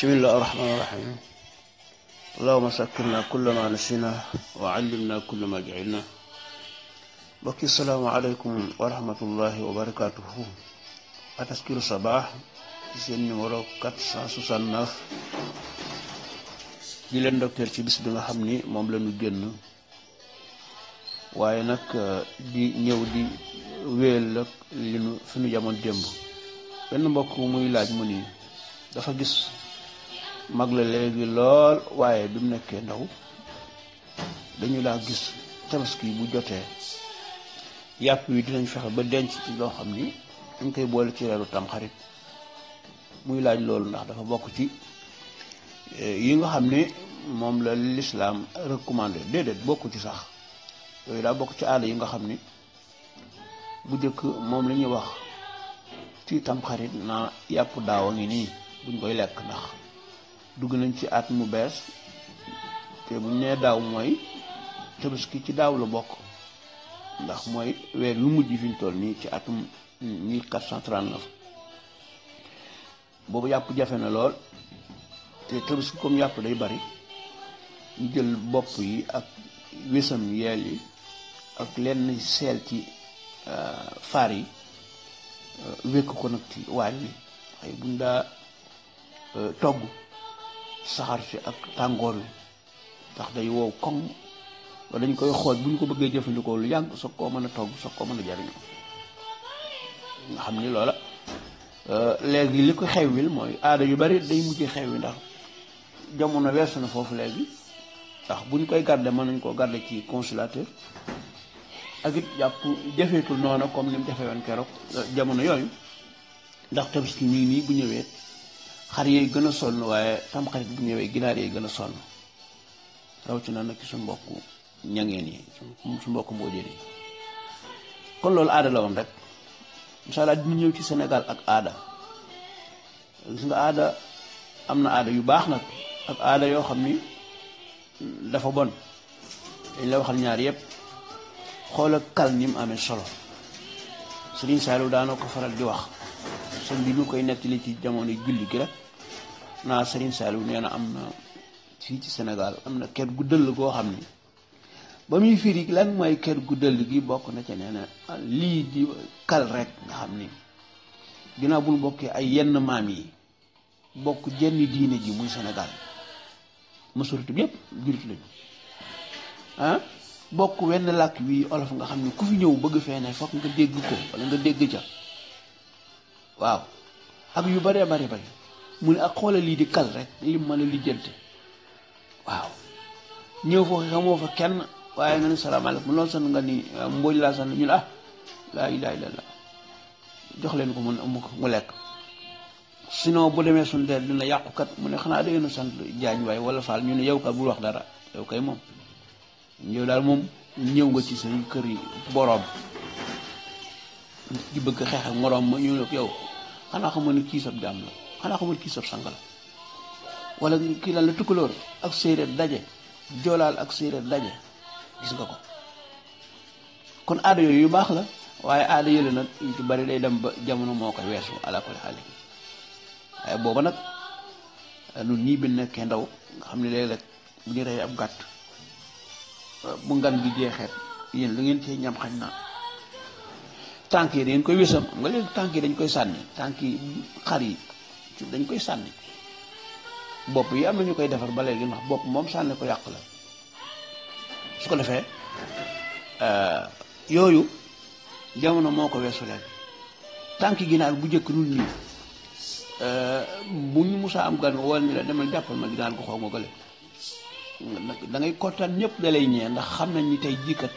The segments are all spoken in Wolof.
بسم الله الرحمن الرحيم اللهم سكرنا كل ما نسينا وعلمنا كل ما جعلنا بكي السلام عليكم ورحمة الله وبركاته أتذكر صباح seen numéro 469 di leen ci bis bi xam ni moom la ñu génn waaye nag euh, di ñëw di wéel ak fi nu jamoon démb benn mbokk muy laaj mu mag la léegi lool waaye bi mu nekkee ndaw dañu laa gis tabaski bu jotee yàpp wi dinañ fexe ba denc ci loo xam ni dañ koy boole ci reeru tamxarit muy laaj loolu ndax dafa bokk ci eh, yi nga xam ne moom la lislaam recommandé déedéet bokku ci sax yooyu daa bokk ci aada yi nga xam ni bu njëkk moom la ñuy wax ci tamxarit naa yàpp daaw a ngi nii buñ koy lekk ndax dugg nañ ci at mu bees te bu ñu nee daaw mooy tabaski ci daaw la bokk ndax mooy weer yu mujj fiñ toll nii ci atum 1439 boobu yàpp jafe na lool te tabaski comme yàpp day bari ñu jël bopp yi ak wésam yeel yi ak lenn seel ci euh, faar yi euh, wékk ko nag ci waañ wi waaye buñ daa euh, togg saxaar si ak tàngoor yi ndax day wow koŋ wala dañ koy xooj bu ñu ko bëggee jëfandikoo lu yàgg soog koo mën a togg soog koo mën a jariñoo nga xam ni loola euh, léegi li ko xewwil mooy aada yu bari day mujjee xewwi ndax jamono weesu na foofu léegi ndax bu ñu koy garder mën nañ koo garder ci consulateur ak it jàpp jafeetul noonu comme ni mu yoon keroog euh, jamono yooyu ndax tamit ñu nii bu ñëwee. xar yooyu gën a sonn waaye tamxarit bu ñëwee ginaar yooyu gën a sonn rawatina nag su suñu mbokku ñangeen yi suñu mbokku mboojeen yi kon loolu aada la woon rek incha allah dina ñëw ci senegal ak aada gis nga aada am na aada yu baax nag ak aada yoo xam ni dafa bon dañ la waxal ñaar yëpp xoolal kal ni mu amee solo Serigne Saliou daana ko faral di wax. sëñ bi ñu koy nettali ci jamono julli gi rek naa Serigne Saliou nee am na fii ci Sénégal am na kër gu dëll goo xam ni ba muy firi lan mooy kër gu dëll gi bokk na ca nee lii di kal rek nga xam ni ginnaaw bul bokkee ay yenn maam yi bokk jenn diine ji muy Sénégal masurité bi yëpp jullit lañu ah bokk wenn làkk wi olof nga xam ni ku fi ñëw bëgg fee ne foog nga dégg ko wala nga dégg ca waaw ak yu bëree bëri bëri mu ne ak ah, xoole lii di kal rek lim mën a lijjante waaw ñëw foofu xamoo fa kenn waaye nga ne salaamaaleykum loolu san nga ni ah, mbooj laa san ñu ne ah laa ilaaha illallaah jox leen ko mu mu lekk sinon bu demee suñu der dina yàqukat mu ne xanaa da sant jaañ waay wala faal ñu ne yow kat bul wax dara yow kay moom daal moom ñëw nga ci seen kër yi boroom bëgg xeex ak ñu ne yow xanaa xamoon ne kii sab jaam la xanaa xamoon kii sab la wala kii lan la tukkulóor ak séeréer daje joolaal ak séeréer daje gis nga ko kon aada yooyu yu baax la waaye aada yële nag yu bari day dem ba jamono moo ko weesu ala kulli waaye booba nag nu ñii bi nekkee ndaw nga xam ne léeg-léeg bu ab gàtt bu ngan gi jeexeet yéen lu ngeen cee ñam xañ na tànk yi da ngeen koy wésam xam nga léegi tànk dañ koy sànni tànk yi xar yi dañ koy sànni bopp yi am na ñu koy defar ba léegi ndax bopp moom sànni ko yàq la su ko defee euh, yooyu jamono moo ko weesu léegi tànk ginaar bu njëkk nun nii euh, bu ñu musaa am gan wal wala ñu la demal jàppal ma ginaar gu xaw ma gële da ngay kontaan ñëpp da lay ñee ndax xam nañ ni tey jikkat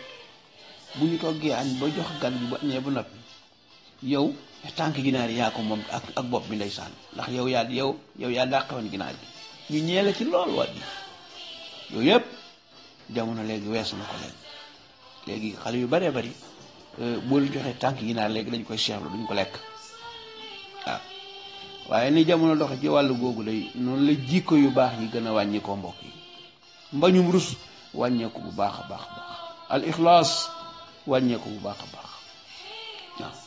bu ñu toggee añ ba jox gan bi ba ñee bu noppi yow tànk ginaar yi yaa ko moom ak ak bopp bi ndeysaan ndax yow yaa yow yow yaa dàqewoon ginaar gi ñu ñee la ci lool wat bi yëpp jamono léegi weesu na ko yu baree bari euh, boo leen joxee tànk ginaar léegi dañ koy seexlu duñ ko lekk waaye ni jamono doxe ci wàll googu lay noonu la jikko yu baax yi gën a wàññi ko mbokk yi mbañum rus wàññeeku bu baax a baax baax al ixlaas wàññeeku bu baax a baax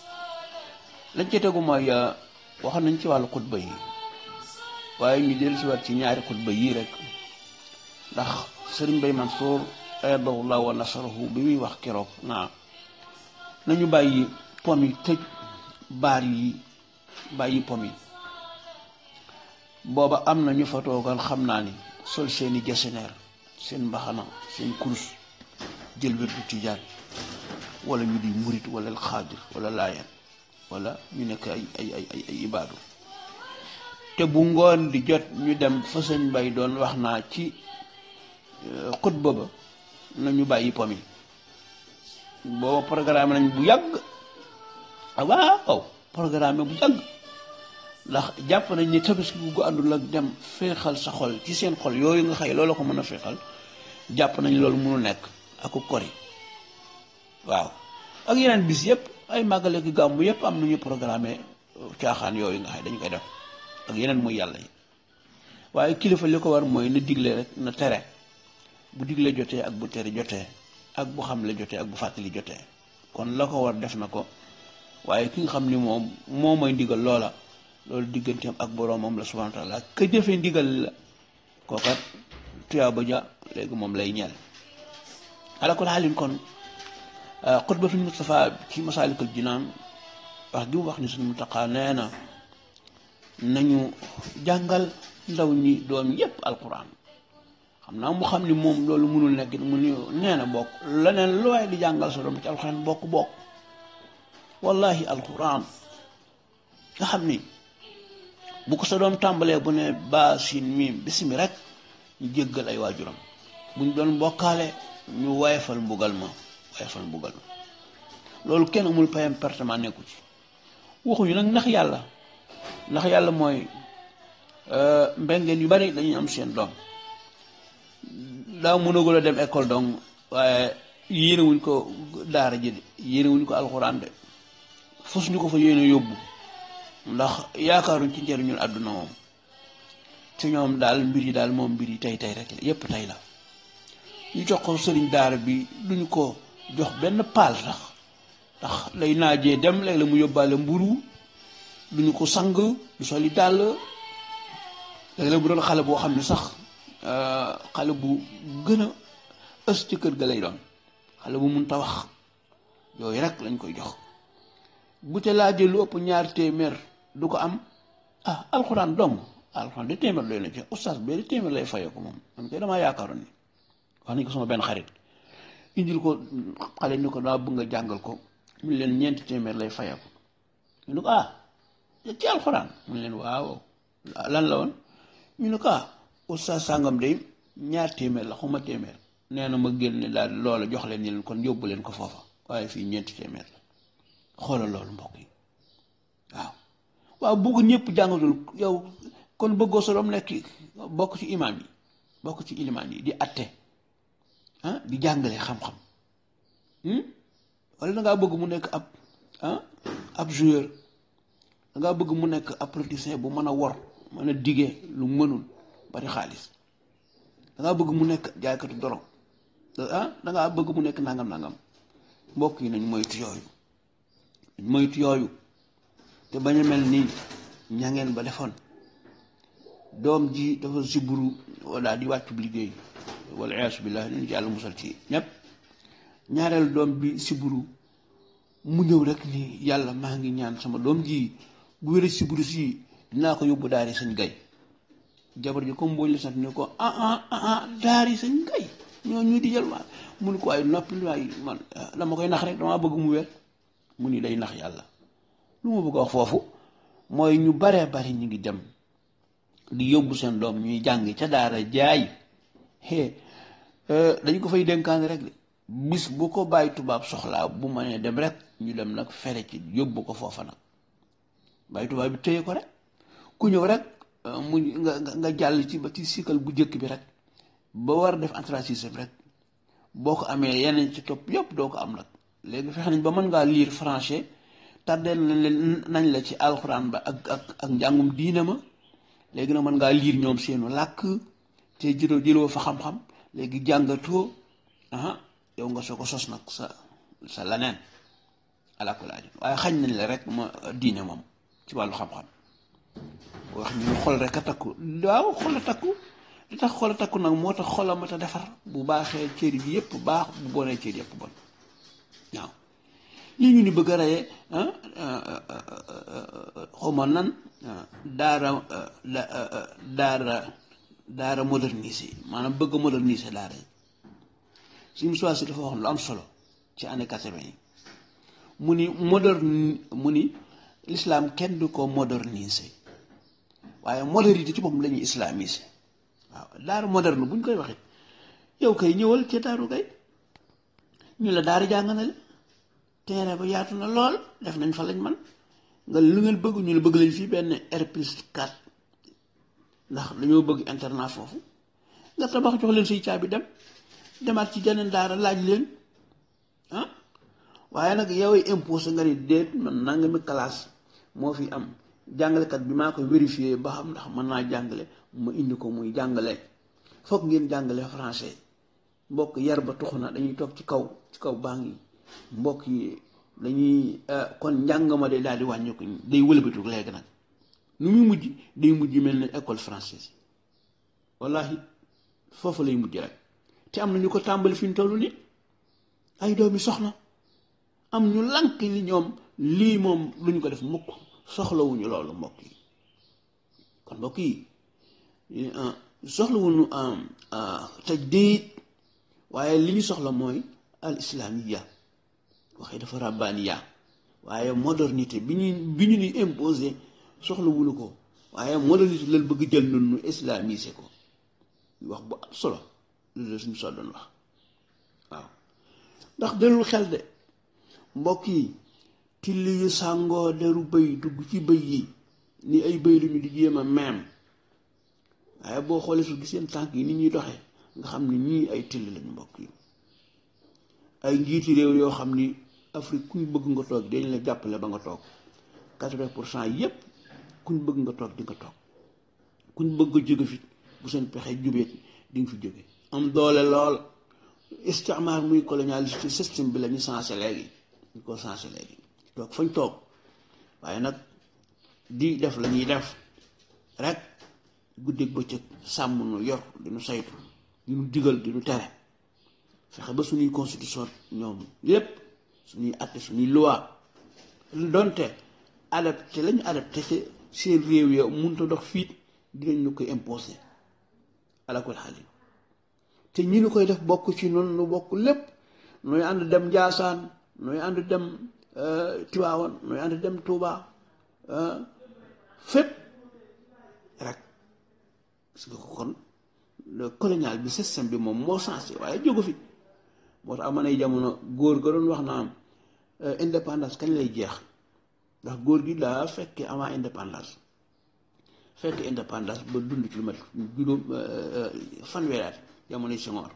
lañ ca tegu mooy euh, waxoon nañ ci wàllu xutba yi waaye ñu dellusiwaat ci ñaari xutba yii rek ndax sëriñ Bay Mansour ayadahullah wa nasarahu bi muy wax keroog naa nañu bàyyi pom yi tëj baar yi bàyyi pom yi booba am na ñu fa toogal xam naa ni sol seeni jasineer seen mbaxana seen kurus jël wér du tijaan wala ñu di murit wala xaadir wala laayeen wala ñu nekk ay ay ay ay te bu ngoon di jot ñu dem fa sëñ bay doon wax naa ci euh, xutba ba nañu bàyyi pom yi booba programme nañ bu yàgg ah, waaw programme bu yàgg ndax jàpp nañ ni tabaski bu àndul ak dem féexal sa xol ci seen xol yooyu nga xëy loola ko mën a feexal jàpp nañ loolu mënu nekk aku kori waaw ak yeneen bis yëpp ay màggale ki gàmmu yëpp am nu ñu programme euh, caaxaan yooyu nga xam dañ koy def ak yeneen muy yàlla yi waaye kilifa li ko war mooy na digle rek na tere bu digle jotee ak bu tere jotee ak bu xam xamle jotee ak bu fàttali jotee kon la ko war def na ko waaye ki nga xam ni moom moo may ndigal loola loolu digganteem ak boroomam la subhaanahu wa taala ka jëfe ndigal la kookat tuyaa ba ja léegi moom lay ñeel alakul xaalin kon Euh, xutba suñu Moustapha ci masaalikul jinaan wax gi mu wax ni suñu Muntaxa nee na nañu jàngal ndaw ñi doom yépp alquran xam naa mu xam ni moom loolu mënul nekk mu neena bokk leneen lu waaye di jàngal sa doom ci alquran bokk bokk wallahi alquran nga xam ni bu ko sa doom tàmbalee bu ne baa siin miim bismi rek ñu jéggal ay waajuram buñ doon mbokkaale ñu wayfal mbugal ma xeesal mbugal loolu kenn amul payam pertement nekku ci waxuñu nag ndax yàlla ndax yàlla mooy euh, mbengeen yu bari dañuy am seen doom daaw mënagul a dem école donc waaye yéene ko daara ji de ko alxuraan de fos ñu ko fa yéene yóbbu ndax yaakaaruñ ci njëriñul àdduna moom ci ñoom daal mbir yi daal moom mbir yi tey tey rek yépp tey la ñu jox sëriñ daara bi duñ ko jox benn paal sax ndax lay naajee dem léeg la mu yóbbaale mburu du ñu ko sang du soli dàll léeg la mu doon xale boo xam ne sax euh, xale bu gën a ës ci kër ga lay doon xale bu mun ta wax yooyu rek lañ koy jox bu te laajee lu ëpp ñaar téeméer du ko am ah alxuraan dong alxuraan di téeméer doy na ci oustaz bi di téeméer lay fayee ko moom man koy damaa yaakaaroon ni wax nañ ko sama benn xarit indil ko xale ni ko daa bëgg nga jàngal ko mu leen ñeenti téeméer lay fayeeku ñu ne ko ah ci alxuraan mu leen waaw lan la woon ñu ne ko ah oustaz sàngam de ñaar téeméer la xuma téeméer nee na ma génne daal loola jox leen ni leen kon yóbbu leen ko foofa waaye fii ñeenti téeméer la xoolal loolu mbokk yi waaw waaw bëgg ñëpp jàngatul yow kon bëggoo sa doom nekk bokk ci imaan yi bokk ci ilimaan yi di atte ah di jàngale xam-xam hmm? wala da bëgg mu nekk ab ah ab joueur dangaa bëgg mu nekk ab politicien bu mën a wor mën a digge lu mënul bari xaalis da bëgg mu nekk jaaykatu dorog ah da ngaa bëgg mu nekk nangam nangam mbokk yi nañ moytu yooyu nañ moytu yooyu te bañ a mel ni ñangeen ba defoon doom ji dafa siburu walla di wàccu liggéey walla iyaasu billaah ñu ci yàlla musal ci ñépp ñaareel doom bi siburu mu ñëw rek ni yàlla maa ngi ñaan sama doom ji bu wéree siburu si dinaa ko yóbbu daari sañ gay jabar ji comme mbooñ la sant ne ko ah ah, ah, ah sañ gay ñoo ñu di jël waa mu ko ay noppi waaye man ah, dama koy nax rek dama bëgg mu wér mu ni day nax yàlla lu ma bëgg foofu mooy ñu baree bari ñu ngi dem di yóbbu seen doom ñuy jàng ca daara jaay hee euh, dañ ko fay dénkaan rek de bis bu ko bàyyi tubaab soxlaa bu ma nee dem rek ñu dem nag fere ci yóbbu ko foofa nag bàyyi tubaab bi téye ko rek ku ñëw rek euh, mu nga jàll ci ba ci cycle bu njëkk bi rek ba war a def antracisme rek boo ko amee yeneen ci topp yëpp doo ko am nag léegi fexe nañ ba mën ngaa lire français tardeel nañ la ci alxuraan ba ak ak ak njàngum diine ma léegi na mën ngaa liir ñoom seenu làkk te jëloo jëloo fa xam-xam léegi jàngatoo ah yow nga soo ko sos nag sa sa laneen alaakulaay waaye xañ nañ la rek ma diine moom ci wàllu xam-xam wax ñu xol rek a takku waaw xol a takku li tax xol a takku nag moo tax xol a mat a defar bu baaxee cër yi yëpp baax bu bonee cër yëpp bon waaw lii ñu ni bëgg a reyee ah, ah, ah, xawma nan daara daara daara modernisé maanaam bëgg a modernisé daara yi suñu mu si dafa wax lu am solo ci année quatre-vingt yi mu ni moderne mu ni lislaam kenn du ko modernisé waaye modernité ci boppam la ñuy islamisé waaw daara moderne bu ñu koy waxee yow kay ñëwal ci daaru kay ñu la daara jàngale terrain ba yaatu na lool def nañ fa lañ man nga lu ngeen bëgg ñu ne bëgg lañ fii benn R plus 4 ndax dañoo bëgg internat foofu nga tabax jox leen say caabi dem demaat ci jeneen daara laaj leen ah? waaye nag yow imposé nga ni déet man nangami classe moo fi am jàngalekat bi maa ko vérifié ba xam ndax mën naa jàngale mu indi ko muy jàngale foog ngeen jàngale français mbokk yar ba tuxu na dañuy toog ci kaw ci kaw baa ngi mbokk yi dañuy euh, kon njàngama de daal di wàññeeku day wëlbatu léegi nag nu muy mujj day mujj mel ne école française wallahi foofu lay mujj rek te am na ñu ko tàmbali fi ñu toll nii ay doomi soxna am ñu lànk li ñoom lii moom lu ñu ko def mukk soxlawuñu loolu mbokk yi kon mbokk yi euh, soxlawuñu euh, tajdiid waaye li ñu soxla mooy al islaamiya waxee dafa rabbaaniya waaye modernité bi ñu bi ñu ni imposé soxlawulu ko waaye modernité lan bëgg jël noonu nu islamisé ko wax bu am solo loolu la suñu soldoon wax waaw ndax dalul xel de mbokk yi till yu sàngoo deru bëy dugg ci bëy yi ni ay bëy lu muy di jéem a meem waaye boo xoolee su giseen tànk yi ni ñuy doxe nga xam ni ñii ay till lañu mbokk yi ay njiiti réew yoo xam ni Afrique ñu bëgg nga toog dañ la jàppale ba nga toog quatre-vingt pour cent yépp kuñ bëgg nga toog di nga toog kuñ bëgg a jóge fi bu seen pexee jubee di nga fi jógee am doole lool istimaar muy colonialiste système bi la ñu sensé léegi ñu ko sensé léegi toog fañ toog waaye nag di def la ñuy def rek guddeeg bëccëg sàmm nu yor di nu saytu di nu digal di nu tere fexe ba suñuy constitution ñoom lépp suñuy acte suñuy loi donte adapté lañu adapté seen réew ya mënut a dox fiit dinañ la koy imposé alakul xali te ñi ñu koy def bokk ci noonu lu bokk lépp nooy ànd dem Njaasaan nooy ànd dem euh, Tiwaawan nooy ànd dem Tuuba euh, fépp rek parce ko kon colonial bi système bi moom moo changé waaye jógu fi moo tax man ay jamono góor ga wax naan euh, indépendance kañ lay jeex ndax góor gi daa fekk avant indépendance fekk indépendance ba dund ci lu mat juróom euh, euh, jamono at jamonoy Senghor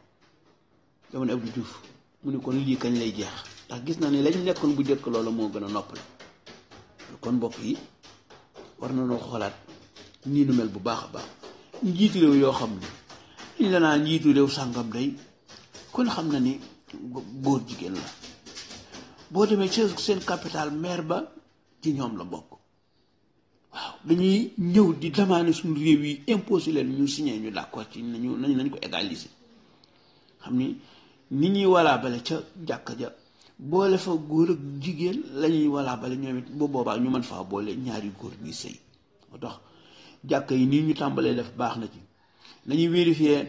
jamono Abdou Diouf mu ne kon lii kañ lay jeex ndax gis na ni lañ nekkoon bu njëkk loola moo gën a noppale kon mbokk yi war na noo xoolaat nii nu mel bu baax a baax njiitu réew yoo xam ne ñu naa njiitu réew sàngam day kon xam na ni góor jigéen la boo demee ci seen capital maire ba ci ñoom la bokk waaw dañuy ñëw di demander suñu réew yi imposé leen ñu signé ñu d'accord ci nañu nañ nañ ko égaliser xam ni ni ñuy walaabale ca jàkka ja boole fa góor ak jigéen lañuy walaabale ñoom it bu boobaa ñu man faa boole ñaari góor ñuy sëy moo tax jàkka yi nii ñu tàmbalee def baax na ci nañuy vérifier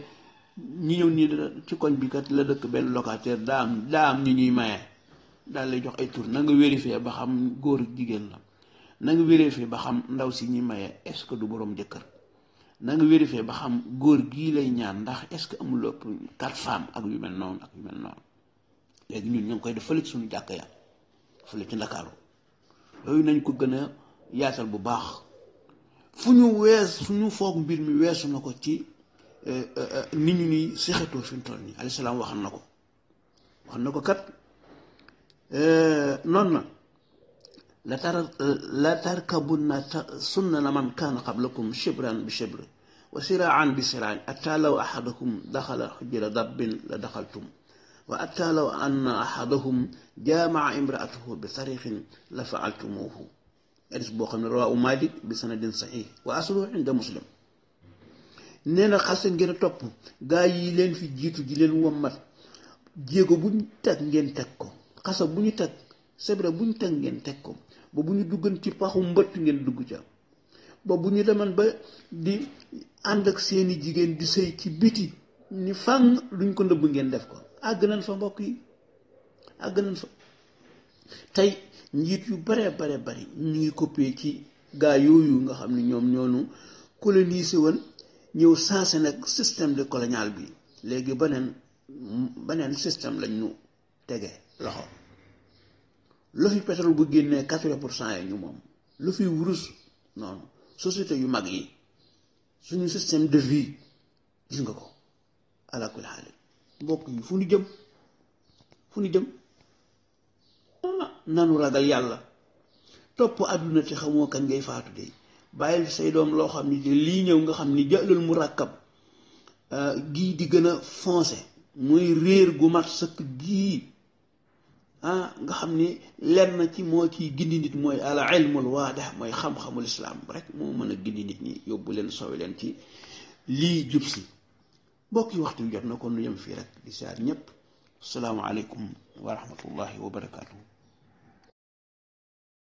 ñi ñëw nii ci koñ bi kat la dëkk benn locataire daa am daa am ñu ñuy maye daal lay jox ay tur na nga vérifier ba xam góor ak jigéen la na nga ba xam ndaw si ñuy maye est-ce que du boroom jëkkër na nga vérifier ba xam góor gii lay ñaan ndax est-ce que amul ëpp quatre femmes ak yu mel noonu ak yu mel noonu léegi ñun ñu ngi koy def fële ci suñu jàkk ya fële ci Ndakaaru yooyu nañ ko gën a yaatal bu baax fu ñu wees fu ñu foog mbir mi weesu na ko ci Euh, euh, euh, nit ñu nii séxatoo fi mu toll nii alayhi salaam waxal na ko wax na ko kat noonu na la tar la tarkabunna sunnana man kaana qablakum shibran bi shibri wa siraan bi siraan atta law ahadakum daxala xujra dabbin la daxaltum wa atta law anna ahadahum jaamaa imraatahu bi sarixin la faaltumuuhu hadis boo xam ne rawaahu Maalik bi sanadin saxiix wa asluhu inda muslim nee na xas ngeen a topp gaa yi leen fi jiitu ji leen mat jéego bu ñu teg ngeen teg ko xasa bu ñu teg sebra bu ñu teg ngeen teg ko ba bu ñu duggan ci paxu mbëtt ngeen dugg ca ba bu ñu deman ba di ànd ak seeni jigéen di sëy ci biti ni fànn luñ ko nëbb ngeen def ko àgg nañ fa mbokk yi àgg nañ fa tey njiit yu bare bare bari ñu ngi coppee ci gaa yooyu nga xam ne ñoom ñoonu colonisé woon ñëw saase nag système de colonial bi léegi beneen beneen système lañ ñu tege loxo lu fi pétrole bu génnee quatre-vingt pour cent yi ñu moom lu fi wurus noonu société yu mag yi suñu système de vie gis nga ko ala kulli xaal mbokk yi fu ñu jëm fu ñu jëm ah, nanu ragal yàlla topp àdduna ci xamoo kan ngay faatu de bàyyil say doom loo xam ni lii ñëw nga xam ni jëlal mu ràkkab euh, gii di gën a foncé muy réer gu mat sëkk gii ah nga xam ni na ci moo ciy gindi nit mooy al ilmul waadix mooy xam-xamul islaam rek moo mën a gindi nit ñi yóbbu leen sowi leen ci lii jub si mbokk yi waxtu wi jot na ko nu yem fii rek di saar ñëpp asalaamaaleykum wa rahmatullahi wa